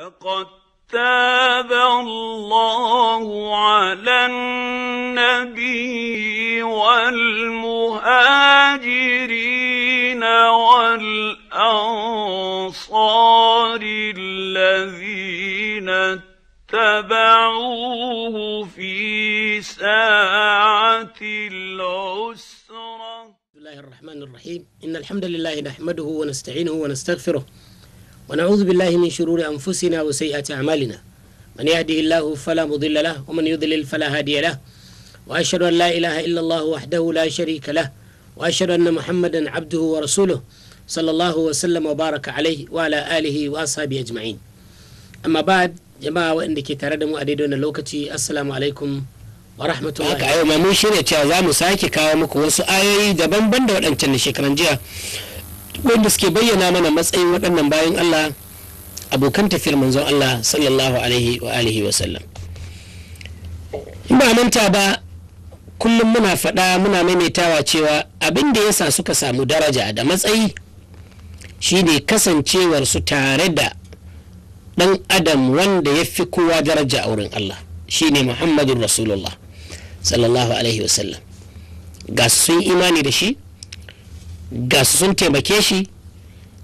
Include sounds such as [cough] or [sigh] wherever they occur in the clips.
لقد تاب الله على النبي والمهاجرين والأنصار الذين اتبعوه في ساعة العسرة بسم الله الرحمن الرحيم إن الحمد لله نحمده ونستعينه ونستغفره ونعوذ بالله من شرور أنفسنا وسيئات أعمالنا من يهده الله فلا مضل له ومن يضلل فلا هادي له وأشهد أن لا إله إلا الله وحده لا شريك له وأشهد أن محمدا عبده ورسوله صلى الله وسلم وبارك عليه وعلى آله وأصحابه أجمعين أما بعد jama'a waɗanda ke tare da mu a daidai wannan lokaci assalamu alaikum wa rahmatullahi haka yau mun shirya cewa za mu sake kawo muku wasu ayoyi daban-daban da waɗancan na shekaran jiya wanda suke bayyana mana matsayin waɗannan bayan Allah abokan tafiyar manzon Allah sallallahu alaihi wa alihi wa sallam in ba manta ba kullum muna faɗa muna maimaitawa cewa abin da sa suka samu daraja da matsayi shine kasancewar su tare da ɗan adam wanda ya fi kowa daraja a wurin Allah shine Muhammadun Rasulullah sallallahu alaihi wa sallam ga sun imani da shi ga su sun taimake shi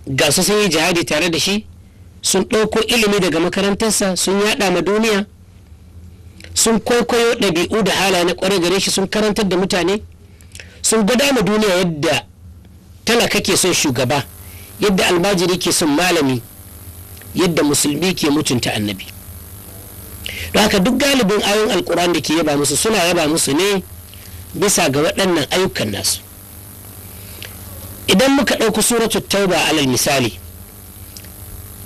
ga su sun yi jihadi tare da shi sun ɗauko ilimi daga makarantarsa sun yaɗa ma duniya sun kwaikwayo ɗabi'u da halaye na ƙwarai gare shi sun karantar da mutane sun gwada ma duniya yadda talaka ke son shugaba yadda almajiri ke son malami yadda musulmi ke mutunta annabi don haka duk galibin ayon alkur'an da ke yaba musu suna yaba musu ne bisa ga waɗannan ayyukan nasu idan muka ɗauki suratu tauba alal misali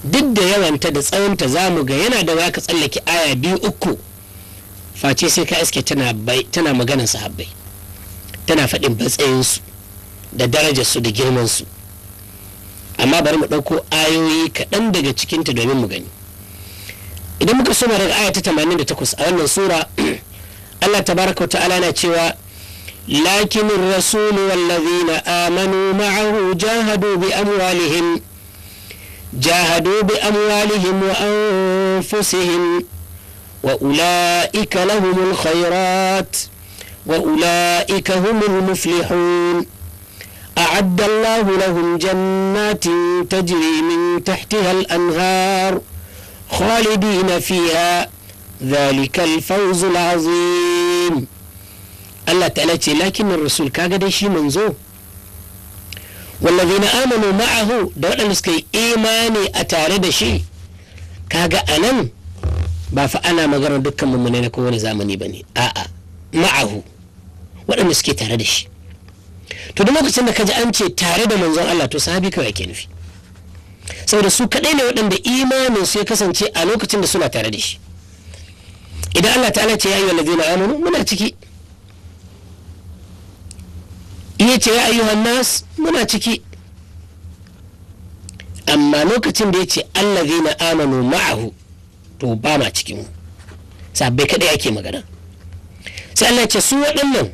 duk da yawanta da tsawonta za mu ga yana da waka tsallake aya biyu uku face sai ka iske tana maganar sahabbai tana faɗin batsayinsu da darajarsu da girmansu amma bari mu ɗauko ayoyi kaɗan daga cikinta domin mu gani idan muka soma daga aya ta 88 a wannan sura [clears throat] Allah tabaraka wa ta'ala na cewa لكن الرسول والذين آمنوا معه جاهدوا بأموالهم جاهدوا بأموالهم وأنفسهم وأولئك لهم الخيرات وأولئك هم المفلحون أعد الله لهم جنات تجري من تحتها الأنهار خالدين فيها ذلك الفوز العظيم Allah ta'ala ce lakinnin rasul kaga dai shi manzo wallazina amanu ma'ahu da waɗanda suka yi imani a tare da shi kaga anan ba fa ana magana dukkan mummune na kowane zamani bane a'a ma'ahu waɗanda suke tare da shi to da lokacin da kaji an ce tare da manzon Allah to sahabi kawai ke nufi saboda su kadai ne waɗanda imanin su ya kasance a lokacin da suna tare da shi idan Allah ta'ala ce ya yi wallazina amanu muna ciki ya ce ya ayyuhan nas muna ciki amma lokacin da ya ce na amanu ma'ahu to ba ma cikin sabbai kadai ake magana sai Allah ce su waɗannan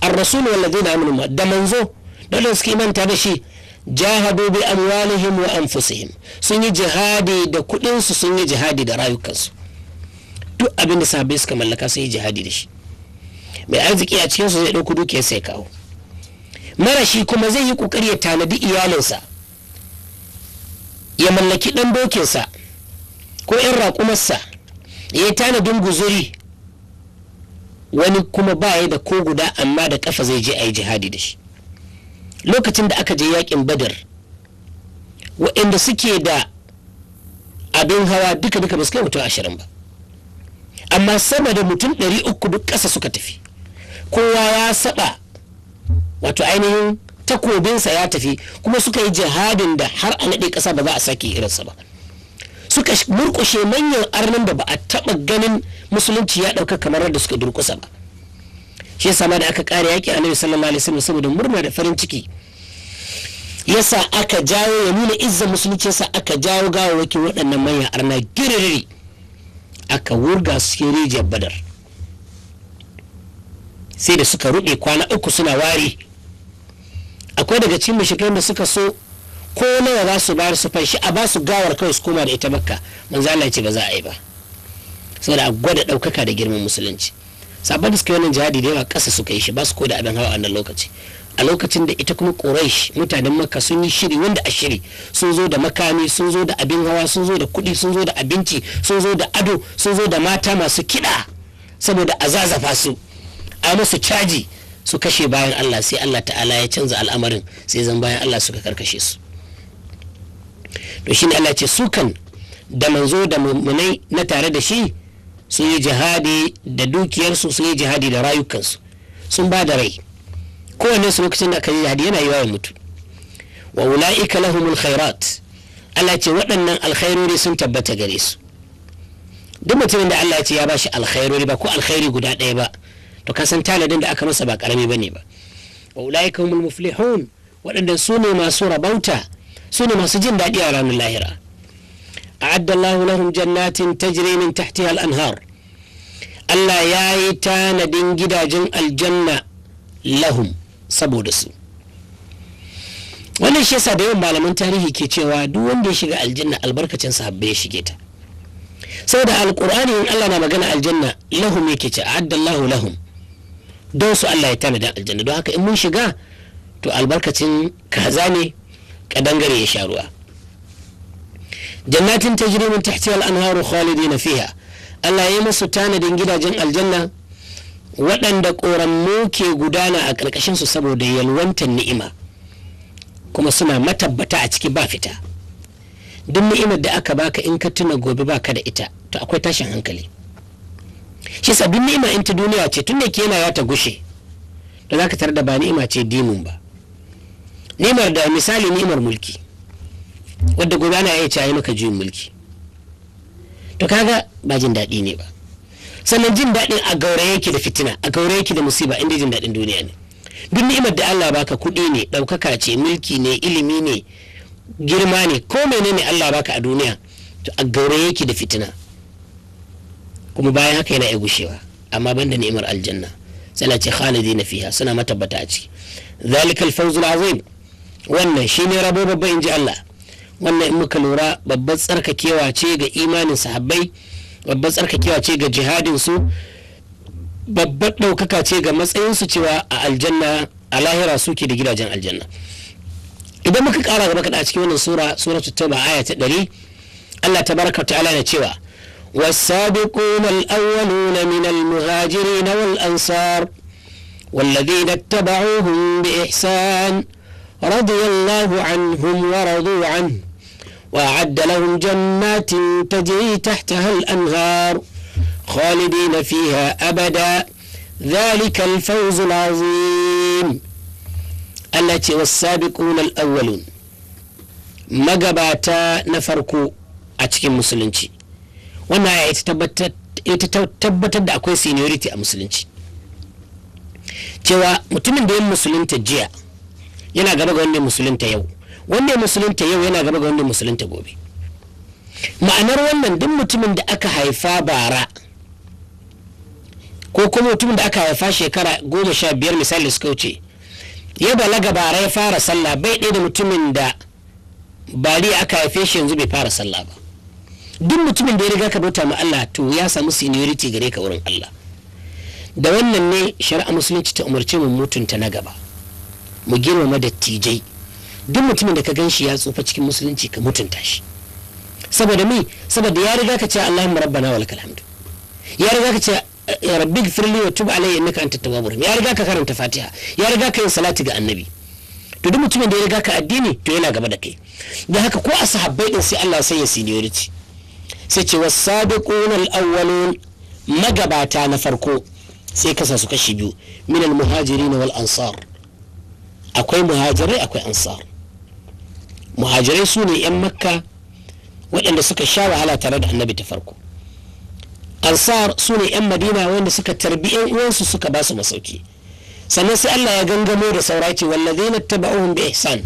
ar-rasul wallazina amanu da manzo da wanda suke manta da shi jahadu bi amwalihim wa anfusihim sun yi jihadi da kuɗin su sun yi jihadi da rayukansu duk abinda da sabbai suka mallaka sun yi jihadi da shi mai arziki a cikin su zai ɗauko dukiyar sai kawo marashi kuma zai yi kokari ya tanadi iyalinsa ya mallaki ɗan dokinsa ko 'yan raƙumarsa ya yi tanadin guzuri wani kuma ba ya da ko guda amma da ƙafa zai je a yi jihadi da shi lokacin da aka je yakin badar waɗanda suke da abin hawa duka duka ba su kai mutum ashirin ba amma sama da mutum ɗari uku duk ƙasa suka tafi kowa ya saba wato ainihin takobinsa ya tafi kuma suka yi jihadin da har a naɗe ƙasa ba za a sake irinsa ba suka murƙushe manyan arnin da ba a taɓa ganin musulunci ya ɗauka kamar da suka durƙusa ba shi yasa ma da aka ƙare yaƙi a nabi sallallahu alaihi wasallam saboda murna da farin ciki yasa aka jawo ya nuna izzar musulunci yasa aka jawo gawawwakin waɗannan manyan arna giriri aka wurga su ke rijiyar badar sai da suka ruɗe kwana uku suna ware. akwai daga cikin mushrikai da suka so ko nawa za su bayar su fanshi a ba su gawar kawai su koma da ita makka ban Allah ce ba za a yi ba saboda a gwada ɗaukaka da girman musulunci sabon da suka yi wannan jihadi da yawa ƙasa suka yi shi ba su ko da abin hawa a wannan lokaci a lokacin da ita kuma quraish mutanen makka sun yi shiri wanda a shiri sun zo da makami sun zo da abin hawa sun zo da kuɗi sun zo da abinci sun zo da ado sun zo da mata masu kiɗa saboda a zazzafa su a musu caji su kashe bayan Allah sai Allah ta'ala ya canza al'amarin sai zan bayan Allah suka karkashe su to ne Allah ce su da manzo da mummunai na tare da shi sun yi jihadi da dukiyarsu sun yi jihadi da rayukansu sun ba da rai kowane su lokacin da aka yi jihadi yana wa mutu wa ula'ika lahumul khairat Allah ce waɗannan alkhairori sun tabbata gare su duk mutumin da Allah ya ce ya ba shi alkhairori ba ko alkhairi guda ɗaya ba to ka san tanadin da aka masa ba karami bane ba wa ulaika humul muflihun waɗanda su ne masu rabauta su ne masu jin daɗi a ranar lahira a'adda Allahu lahum jannatin tajri min tahtiha al-anhar Allah ya yi tanadin gidajen aljanna lahum saboda su wannan shi yasa da yawan malaman tarihi ke cewa duk wanda ya shiga aljanna albarkacin sahabbai ya shige ta saboda alqur'ani in Allah na magana aljanna lahum yake ce a'adda lahum don su Allah ya tanada aljanna don haka in mun shiga to albarkacin kaza ne kadangare ya sha ruwa jannatin tajri min tahti al-anharu na fiha Allah ya masu tanadin gidajen aljanna waɗanda ƙoranmu ke gudana a ƙarƙashin su saboda yalwantar ni'ima kuma suna matabbata a ciki ba fita duk ni'imar da aka baka in ka tuna gobe baka da ita to akwai tashin hankali shi sabbin ni'ima in ta duniya ce tun da ke yana ya ta gushe da za ka tarar da ba ni'ima ce dinin ba ni'imar da misali ni'imar mulki wadda gobe ana iya cayi maka juyin mulki to kaga ba jin daɗi ne ba sannan jin daɗin a gauraye yake da fitina a gauraye yake da musiba inda jin daɗin duniya ne duk ni'imar da Allah baka kuɗi ne ɗaukaka ce mulki ne ilimi ne girma ne ko menene Allah baka a duniya to a gauraye yake da fitina kuma bayan haka yana iya gushewa amma banda ni'imar aljanna sai ce khalidina fiha suna matabbata a ciki zalikal fawzul azim wannan shine rabo babba inji Allah wannan in muka lura babbar tsarkakewa ce ga imanin sahabbai babbar tsarkakewa ce ga jihadin su babbar ɗaukaka ce ga matsayinsu cewa a aljanna a lahira suke da gidajen aljanna idan muka kara gaba kada a cikin wannan sura suratul tauba aya ta ɗari Allah tabaraka ta'ala na cewa والسابقون الأولون من المهاجرين والأنصار والذين اتبعوهم بإحسان رضي الله عنهم ورضوا عنه وأعد لهم جنات تجري تحتها الأنهار خالدين فيها أبدا ذلك الفوز العظيم التي والسابقون الأولون مقباتا نفركو أتكي a wannan ya ita tabbatar da akwai seniority a musulunci cewa mutumin da ya musulunta jiya yana gaba ga wanda musulunta yau wanda musulunta yau yana gaba ga wanda musulunta gobe ma'anar wannan duk mutumin da aka haifa bara ko kuma mutumin da aka haifa shekara goma sha biyar misali suka wuce ya balaga bara ya fara sallah bai ɗaya da mutumin da bari aka haife shi yanzu bai fara sallah ba duk mutumin da ya riga ka bauta ma Allah to ya samu seniority gare ka wurin Allah da wannan ne shari'a musulunci ta umarce mu mutunta na gaba mu girmama dattijai duk mutumin da ka ganshi ya tsufa cikin musulunci ka mutunta shi saboda mai saboda ya riga ka ce Allahumma rabbana wa lakal ya riga ka ce ya rabbi gfirli wa tub alayya innaka antat tawwabur ya riga ka karanta fatiha ya riga ka yin salati ga annabi to duk mutumin da ya riga ka addini to yana gaba da kai da haka ko a sahabbai din sai Allah sai ya seniority sai ce wasabiqun al-awwalun magabata na farko sai kasa su kashi biyu min muhajiri na akwai muhajirai akwai ansar muhajirai su ne 'yan makka waɗanda suka sha wahala tare da annabi ta farko ansar su ne 'yan madina wanda suka tarbi 'yan uwansu suka ba su masauki sannan sai allah ya gangamo da saurace wallazai na ohun bi ihsan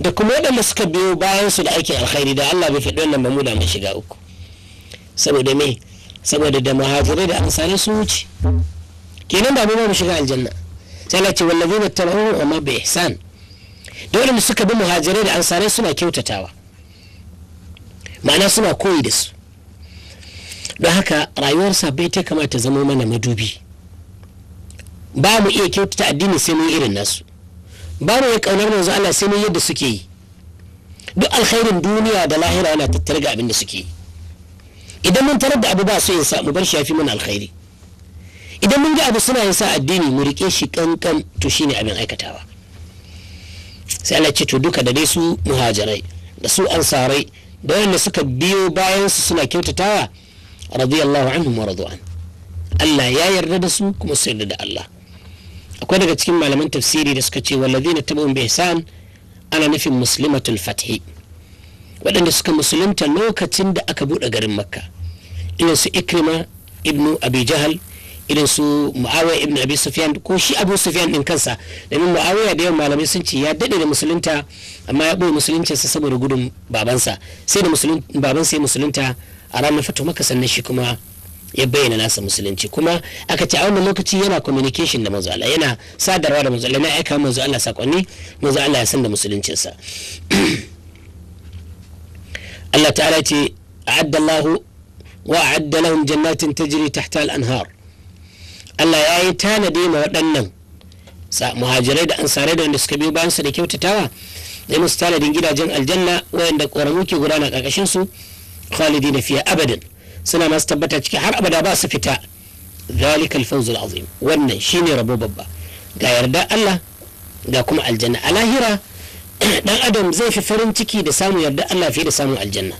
da kuma waɗanda suka biyo bayansu da aikin alkhairi da allah bai faɗi wannan mamuda mai shiga uku saboda me saboda da muhajirai da ansari sun wuce kenan ba mu ba mu shiga aljanna sai Allah ce wallazina a amma bi ihsan dole mu suka bi muhajirai da ansarai suna kyautatawa ma'ana suna koyi da su don haka rayuwarsa bai ta kamata zama mana madubi ba mu iya kyautata addini sai mun irin nasu ba mu iya kaunar manzo Allah sai mun yadda suke yi duk alkhairin duniya da lahira yana tattare ga abin da suke yi idan mun tarar da abu ba yin sa mu bar shi yafi mana alkhairi idan mun ga abu suna yin sa addini mu rike shi kankan to shine abin aikatawa sai Allah ce to duka da dai su muhajirai da su ansarai da wanda suka biyo bayan su suna kyautatawa radiyallahu anhum wa radu'an Allah ya yarda da su kuma su yarda da Allah akwai daga cikin malaman tafsiri da suka ce wallazina tabu bi ihsan ana nufin muslimatul fathi waɗanda suka musulunta lokacin da aka buɗe garin makka irin su ikrima ibnu abi jahal irin su muawiya ibnu abi sufyan ko shi abu sufyan din kansa domin muawiya da yawan malamai sun ce ya daɗe da musulunta amma ya ɓoye musuluncinsa saboda gudun babansa sai da babansa ya musulunta a ranar fito maka sannan shi kuma ya bayyana nasa musulunci kuma aka ce a wannan lokaci yana communication da manzo Allah yana sadarwa da manzo Allah na aika manzo Allah sakonni manzo Allah ya san da musuluncinsa [clears throat] Allah ta'ala ce a'addallahu wa a'adda lahum jannatin tajri tahta al-anhar Allah ya yi tanadi ma waɗannan muhajirai da ansarai da wanda suka biyo bayan su da kyautatawa zai musu tanadin gidajen aljanna wayanda ƙoramu ke gudana ƙarƙashin su na fiya abadan suna masu tabbata ciki har abada ba su fita zalikal fawzul azim wannan shine rabo babba ga yarda Allah ga kuma aljanna a lahira dan adam zai fi farin ciki da samun yarda Allah fiye da samun aljanna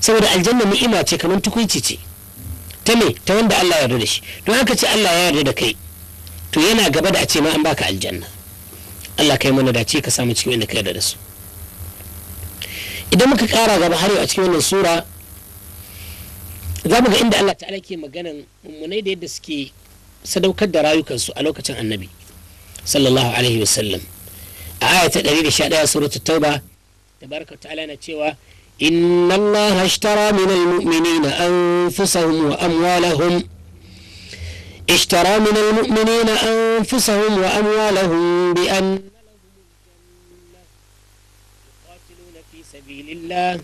saboda aljanna ni'ima ce kamar tukunci ce ta me ta wanda Allah ya yarda da shi don haka ce Allah ya yarda da kai to yana gaba da a ce ma an baka aljanna Allah kai mana dace ka samu cikin wanda ka yarda da su idan muka kara gaba har yau a cikin wannan sura za mu ga inda Allah ta'ala ke maganan mummunai da yadda suke sadaukar da rayukansu a lokacin annabi sallallahu alaihi wasallam آية تدريب شأنها سورة التوبة تبارك وتعالى نتشوى إن الله اشترى من المؤمنين أنفسهم وأموالهم اشترى من المؤمنين أنفسهم وأموالهم بأن يقاتلون في سبيل الله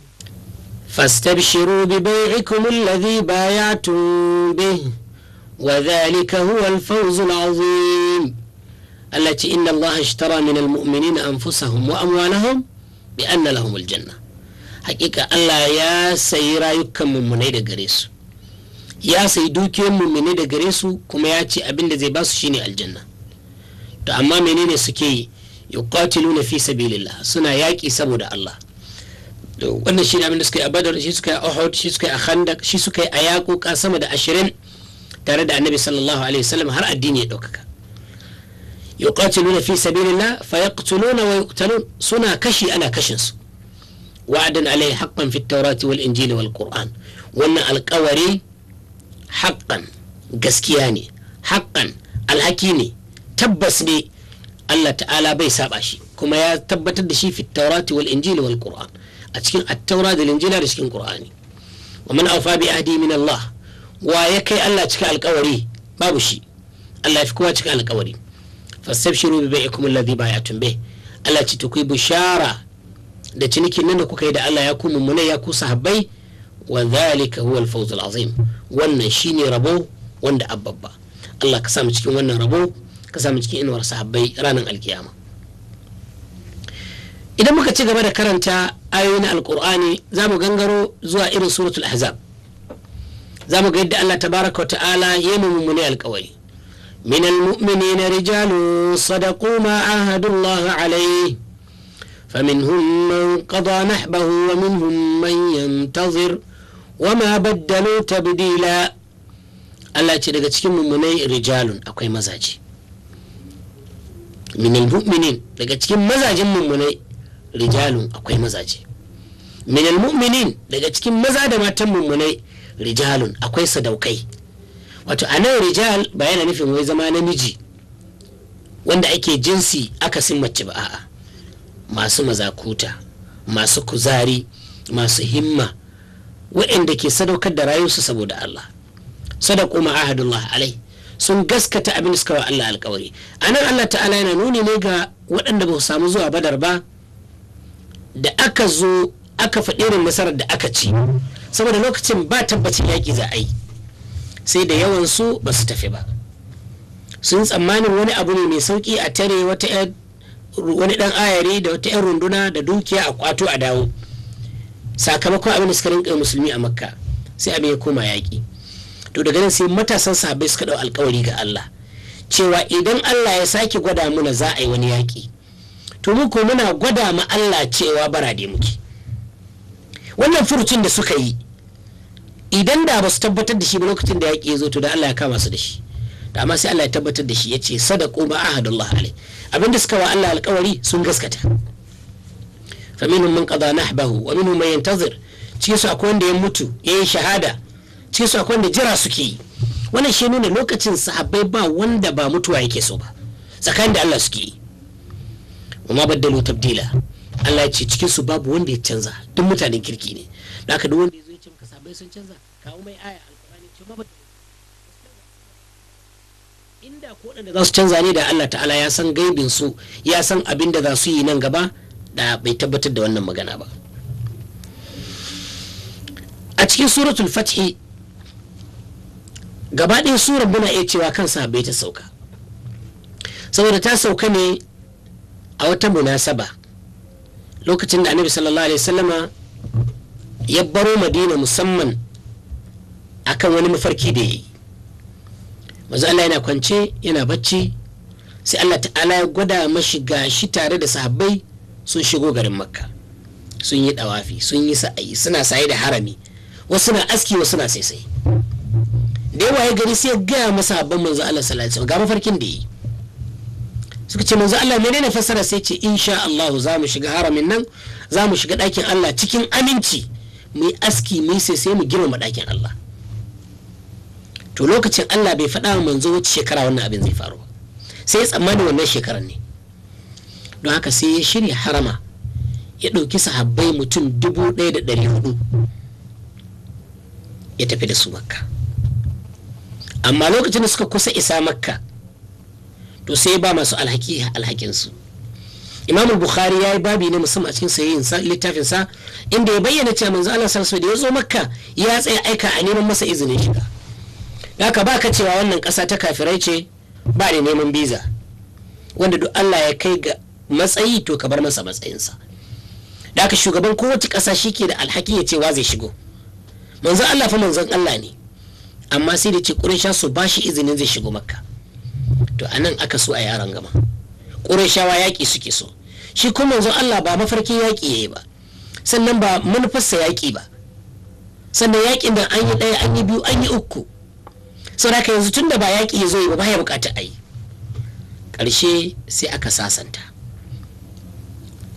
فاستبشروا ببيعكم الذي بايعتم به وذلك هو الفوز العظيم Allah ce inna Allah ishtara min almu'minina anfusahum wa amwalahum bi anna lahum aljanna Allah ya sayi rayukan muminai da gare su ya sayi dukiyoyin muminai da gare su kuma ya ce abin da zai ba su shine aljanna to amma menene suke yuqatiluna fi sabilillah suna yaƙi saboda Allah wannan shi abin da suka yi a badar shi suka yi a uhud shi suka yi a khandak shi suka yi a yaƙuƙa sama da ashirin tare da annabi sallallahu alaihi wasallam har addini ya ɗaukaka yuqatiluna fi sabilillah fayaqtuluna wa yuqtalun suna kashi ana kashin su wa'adan alai haqqan fit tawrati wal injili wal qur'an wannan alƙawari haqqan gaskiya ne haqqan alhaki ne tabbas ne Allah ta'ala bai saɓa shi kuma ya tabbatar da shi fit tawrati wal injili wal qur'an a cikin at-taura da injila da cikin qur'ani wa man awfa bi ahdi min Allah wa ya kai Allah cika alƙawari babu shi Allah ya fi kowa cika alƙawari fastabshiru bi bai'ikum alladhi bay'atum bih Allah ce to ku bishara da ciniki nan da kuka yi da Allah ya ku mummune ya ku sahabbai wa zalika huwa al-fawz al-azim wannan shine rabo wanda abbabba Allah ka samu cikin wannan rabo ka samu cikin inuwar sahabbai ranar alkiyama idan muka ci gaba da karanta ayoyi na alkur'ani za mu gangaro zuwa irin suratul ahzab za mu ga yadda Allah tabaraka wa ta'ala ya mummune alkawari من المؤمنين رجال صدقوا ما عاهدوا الله عليه فمنهم من قضى نحبه ومنهم من ينتظر وما بدلوا تبديلا Allah ce daga cikin mummunai rijalun akwai mazaje minal mu'minin daga cikin mazajin mummunai rijalun akwai mazaje minal mu'minin daga cikin maza da matan mummunai rijalun akwai sadaukai wato a nan rijal ba yana nufin wai zama namiji wanda ake jinsi akasin mace ba a'a masu mazakuta masu kuzari masu himma waɗanda ke sadaukar da rayuwarsu saboda Allah sadaku ma ahadullah alai sun gaskata abin da suka wa Allah alkawari anan Allah ta'ala yana nuni ne ga waɗanda ba su samu zuwa badar ba da aka zo aka faɗi irin nasarar da aka ci saboda lokacin ba tabbacin yaƙi za a yi sai da yawan su ba su tafi ba sun tsammanin wani abu ne mai sauki a tare wata wani dan ayare da wata 'yan runduna da dukiya a kwato a dawo sakamakon abin da suka rinka musulmi a makka sai abin ya koma yaƙi to daga nan sai matasan sahabbai suka ɗau alƙawari ga Allah cewa idan Allah ya sake gwada muna za a yi wani yaƙi to mu ko muna gwada ma Allah cewa bara muke wannan furucin da suka yi idan da ba su tabbatar da shi ba lokacin da yaƙi ya zo to da Allah ya kama su da shi da amma sai Allah ya tabbatar da shi ya ce sadaqu ma ahadullah alai abinda suka wa Allah alƙawari sun gaskata Fa minhum man qada nahbahu wa minhum man yantazir ce su akwai wanda ya mutu ya yi shahada ce su akwai wanda jira suke yi wannan shi nuna lokacin sahabbai ba wanda ba mutuwa yake so ba tsakanin da Allah suke yi wa ma baddalu tabdila Allah ya ce cikin su babu wanda ya canza duk mutanen kirki ne da aka duk wanda sun canza kawo mai aya alkurani ce mabata inda ko da za su canza ne da Allah ta'ala ya san gaibin su ya san abin da za su yi nan gaba da bai tabbatar da wannan magana ba a cikin suratul fathi gaba ɗaya surar muna iya cewa kansa bai ta sauka saboda ta sauka ne a wata munasaba lokacin da annabi sallallahu alaihi wasallama ya baro madina musamman akan wani mafarki da ya yi maza Allah yana kwance yana bacci sai Allah ta'ala ya gwada mashi gashi tare da sahabbai sun shigo garin makka sun yi dawafi sun yi sa'ayi suna saye da harami wasu na aski wasu na saisai da yawa ya gari sai ya gaya masa habban manzo Allah sallallahu alaihi ga mafarkin da yi suka ce manzo Allah menene fassara sai ce insha Allah za mu shiga haramin nan za mu shiga ɗakin Allah cikin aminci mu yi aski mu sai sai mu girmama ɗakin Allah to lokacin Allah bai faɗa wa manzo wacce shekara wannan abin zai faru sai ya tsammani wannan shekarar ne don haka sai ya shirya harama ya ɗauki sahabbai mutum dubu ɗaya da ɗari hudu ya tafi da su makka amma lokacin da suka kusa isa makka to sai ba masu alhaki alhakinsu imam bukhari ya yi babi ne musamman a cikin sayayin littafin sa inda ya bayyana cewa manzo Allah sallallahu da ya zo makka ya tsaya aika a neman masa izinin shiga haka ba ka cewa wannan ƙasa ta kafirai ce ba da neman biza wanda duk Allah ya kai ga matsayi to ka bar masa matsayin sa haka shugaban kowace ƙasa shi ke da alhaki ya ce wa zai shigo manzo Allah fa manzon Allah ne amma sai da ce Quraysh su bashi shi izinin zai shigo makka to anan aka so a yaran gama ƙurashawa yaƙi suke so shi kuma manzon Allah ba mafarkin yaƙi yayi ba sannan ba manufarsa yaƙi ba sannan yaƙin da an yi ɗaya an yi biyu an yi uku saboda yanzu tun da ba yaƙi ya zo yi ba ya buƙatar a yi ƙarshe sai aka sasanta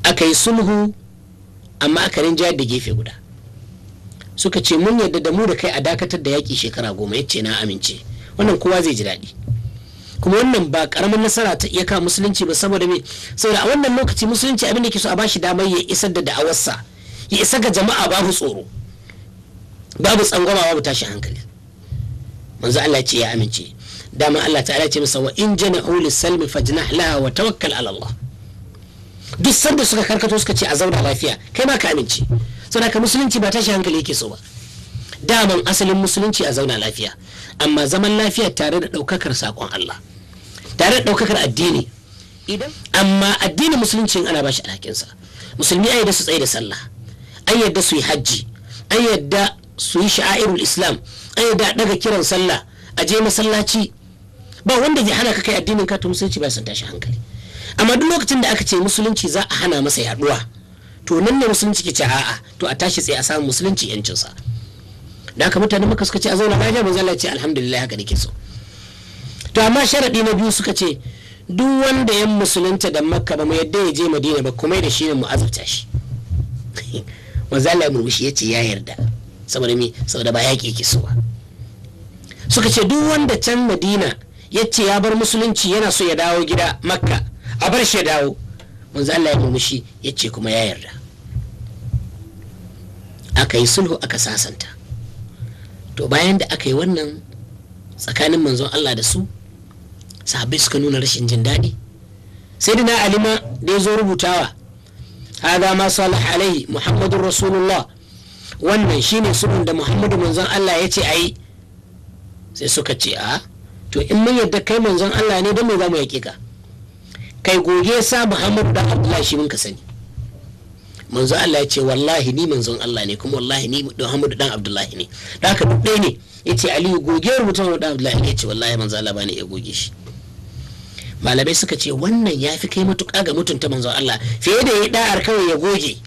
aka yi sulhu amma aka rinja da gefe guda suka ce mun yarda da mu da kai a dakatar da yaƙi shekara goma yace na amince wannan kowa zai ji daɗi kuma wannan ba karamin nasara ta iya kawo musulunci ba saboda me saboda a wannan lokaci musulunci abin da ke so a bashi damar ya isar da da'awarsa ya isa ga jama'a babu tsoro babu tsangwama babu tashi hankali manzo Allah ce ya amince dama Allah ta'ala ce masa wa in janahu lis-salmi fajnah laha wa tawakkal ala Allah duk sanda suka karkato suka ce a zauna lafiya kai ma ka amince saboda ka musulunci ba tashi hankali yake so ba daman asalin musulunci a zauna lafiya amma zaman lafiya tare da ɗaukakar saƙon Allah tare da ɗaukakar addini amma addinin musuluncin ana ba shi alhakinsa musulmi a yadda su tsaye da sallah an yadda su yi hajji an yadda su yi sha'irul islam an yadda a daga kiran sallah a je masallaci ba wanda ya hana ka kai addinin ka to musulunci ba san tashi hankali amma duk lokacin da aka ce musulunci za a hana masa yaduwa to nan ne musulunci ke ce a'a to a tashi tsaye a samu musulunci yancinsa da haka mutane maka suka ce a zauna ba ya ce alhamdulillah haka nake so to amma sharaɗi na biyu suka ce duk wanda yan musulunta da makka ba mu yadda ya je madina ba kuma da shi ne mu azabta shi [laughs] manzo Allah murmushi ya ce ya yarda saboda mi saboda ba yaƙi yake so ba suka ce duk wanda can madina ya ce ya bar musulunci yana so ya dawo gida makka a bar shi ya dawo manzo ya murmushi ya ce kuma ya yarda aka yi sulhu aka sasanta to bayan da aka yi wannan tsakanin manzon Allah da su sahabbai suka nuna rashin jin daɗi sai dina alima da ya zo rubutawa hada ma salih alaihi muhammadun rasulullah wannan shine sunan da muhammadu manzon allah ya ce a yi sai suka ce a to in mun yadda kai manzon allah ne don me za mu yaƙe ka kai goge sa muhammadu da abdullahi shi mun ka sani manzon Allah ya ce wallahi ni manzon Allah ne kuma wallahi ni Muhammadu dan Abdullahi ne da haka duk ne yace Aliyu goge rubutun wa dan Abdullahi ya ce wallahi manzon Allah bani ya goge shi malamai suka ce wannan ya fi kai matuƙa ga mutunta manzon Allah fiye da ya da'ar kawai ya goge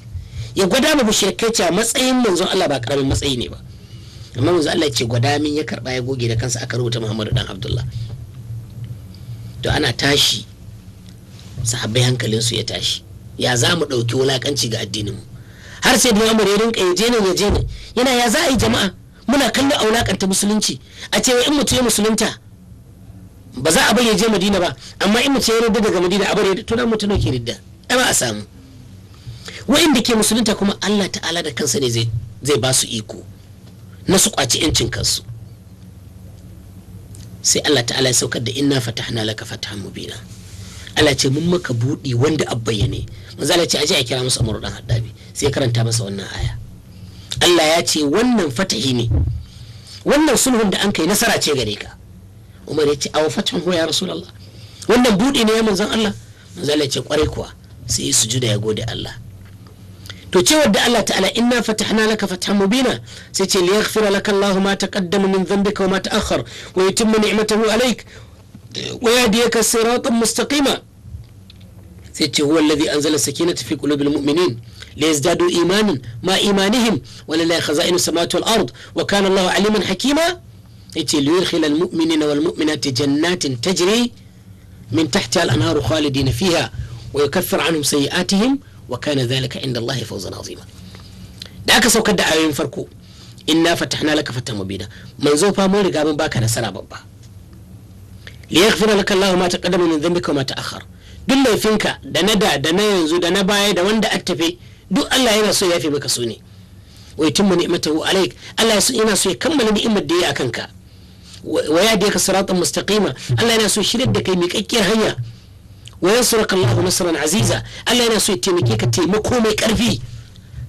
ya gwada ma bushirkai matsayin manzon Allah ba karamin matsayi ne ba amma manzon Allah ce gwada min ya karba ya goge da kansa aka rubuta Muhammadu dan Abdullah to ana tashi sahabbai su ya tashi ya za mu ɗauki wulakanci ga addinin mu har sai da Umar ya rinka ya je ne ya je ne yana ya za a yi jama'a muna kallon a wulakanta musulunci a cewa in mutum ya musulunta ba za a bari ya je madina ba amma in mace ya ridda daga madina a bari ya tuna mutum ke ridda ai ba a samu wa'inda ke musulunta kuma Allah ta'ala da kansa ne zai ba su iko na su kwaci yancin kansu sai Allah ta'ala ya saukar da inna fatahna laka fatahan mubina Allah ce mun maka buɗi wanda a bayyane manzo Allah ce aje a kira musu amru dan haddabi sai karanta masa wannan aya Allah ya ce wannan fatahi ne wannan sulhun da an kai nasara ce gare ka umar ya ce a wafatun hu ya rasulallah wannan buɗe ne ya manzan allah manzan allah ya ce kwarai kuwa sai yi sujuda ya gode allah to cewar da allah ta'ala inna fatahna laka fathan mubina sai ce liyaghfira laka allah ma taqaddama min dhanbika wa ma ta'akhkhar wa yutimma ni'matahu alayk wa yahdiyaka siratan mustaqima sai ce huwa alladhi anzala sakinata fi qulubil mu'minin ليزدادوا إيمانا مع إيمانهم ولله خزائن السماوات والأرض وكان الله عليما حكيما yace li yudkhil al mu'minina wal mu'minati jannatin tajri min tahtiha al anharu khalidina fiha wa yukaffir anhum sayi'atihim wa kana dhalika inda Allah fawzan azima da aka saukar da ayoyin farko inna fatahna laka fatan mubina manzo fa mun riga mun baka nasara babba li yaghfira laka Allah ma taqaddama min dhanbika wa ma ta'akhkhar duk laifinka da na da da na yanzu da na baya da wanda a duk Allah yana so ya fi maka su ne wa yutimmu ni'matahu alayk Allah yana so ya kammala ni'imar da ya akan ka waya da ka siratan mustaqima Allah yana so shirya da kai miƙaƙƙiyar hanya wa yansuraka Allah nasran aziza Allah yana so ya taimake ka taimako mai ƙarfi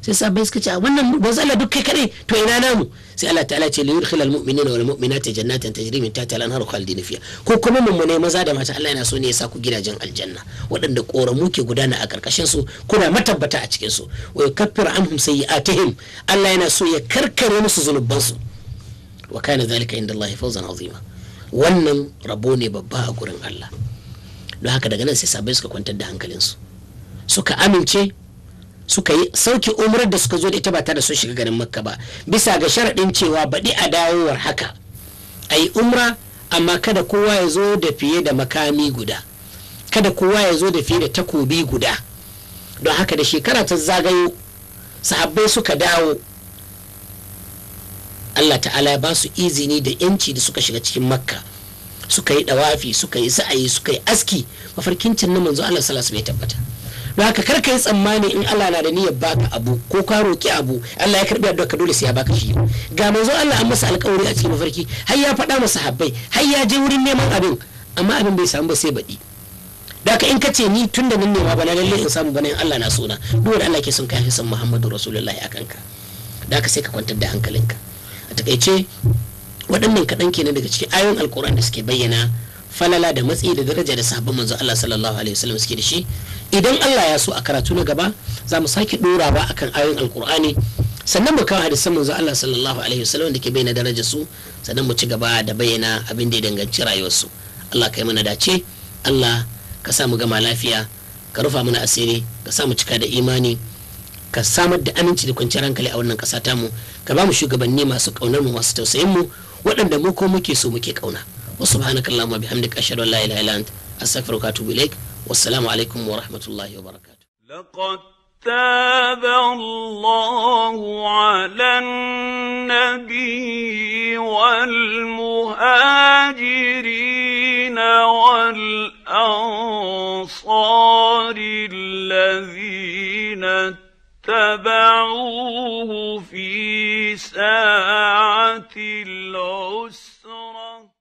sai sabai suka ce wannan ba zalla duk kai kadai to ina namu sai Allah ta'ala ce liyur khilal mu'minina wal mu'minati jannatin tajri min tahtiha al-anharu khalidin fiha ko kuma mummune maza da mata Allah yana so ne ya saku gidajen aljanna waɗanda koramu ke gudana a karkashin su kuna matabbata a cikin su wa yakaffiru anhum sayi'atihim Allah yana so ya karkare musu zunubansu su wa kana zalika inda Allah fawzan azima wannan rabo ne babba a gurin Allah don haka daga nan sai sabai suka kwantar da hankalinsu suka amince suka yi Sauki umrar da suka zo da ita ba tare da sun shiga garin makka ba bisa ga sharaɗin cewa baɗi a dawowar haka a yi umra amma kada kowa ya zo da fiye da makami guda kada kowa ya zo da fiye da takobi guda don haka da shekara ta zagayo sahabbai suka dawo Allah ta'ala ya ba su izini da yanci da suka shiga cikin makka suka yi dawafi suka yi sa'ayi suka yi aski mafarkin can na manzo Allah sallallahu alaihi tabbata don haka karka yi tsammani in Allah na da niyyar baka abu ko ka roki abu Allah ya karbi addu'a ka dole sai ya baka shi ga manzo Allah an masa alƙawari a cikin mafarki har ya faɗa masa habbai har ya je wurin neman abin amma abin bai samu ba sai baɗi Da ka in ka ce ni tun da nan nema bana lalle in samu bana in Allah na sona duk wanda Allah ke son ka yafi san Muhammadu Rasulullahi akan ka daka sai ka kwantar da hankalinka a takaice waɗannan kaɗan kenan daga cikin ayoyin Alƙur'an da suke bayyana falala da matsi da daraja da sabon manzo Allah sallallahu alaihi wasallam suke da shi idan Allah ya so a karatu na gaba za mu sake dora ba akan ayoyin alkur'ani sannan mu kawo hadisan manzo Allah sallallahu alaihi wasallam da ke bayyana darajar su sannan mu ci gaba da bayyana abin da ya danganci rayuwar su Allah kai mana dace Allah ka sa mu gama lafiya ka rufa mana asiri ka sa mu cika da imani ka samar da aminci da kwanciyar hankali a wannan ƙasa tamu ka ba mu shugabanni masu ƙaunar mu masu tausayin mu waɗanda mu ko muke so muke ƙauna wa subhanaka allahumma bihamdika ashhadu an la ilaha illa anta astaghfiruka wa atubu ilaik wassalamu alaikum wa rahmatullahi wa barakatuh laqad تاب الله على النبي والمهاجرين والأنصار الذين اتبعوه في ساعة العسرة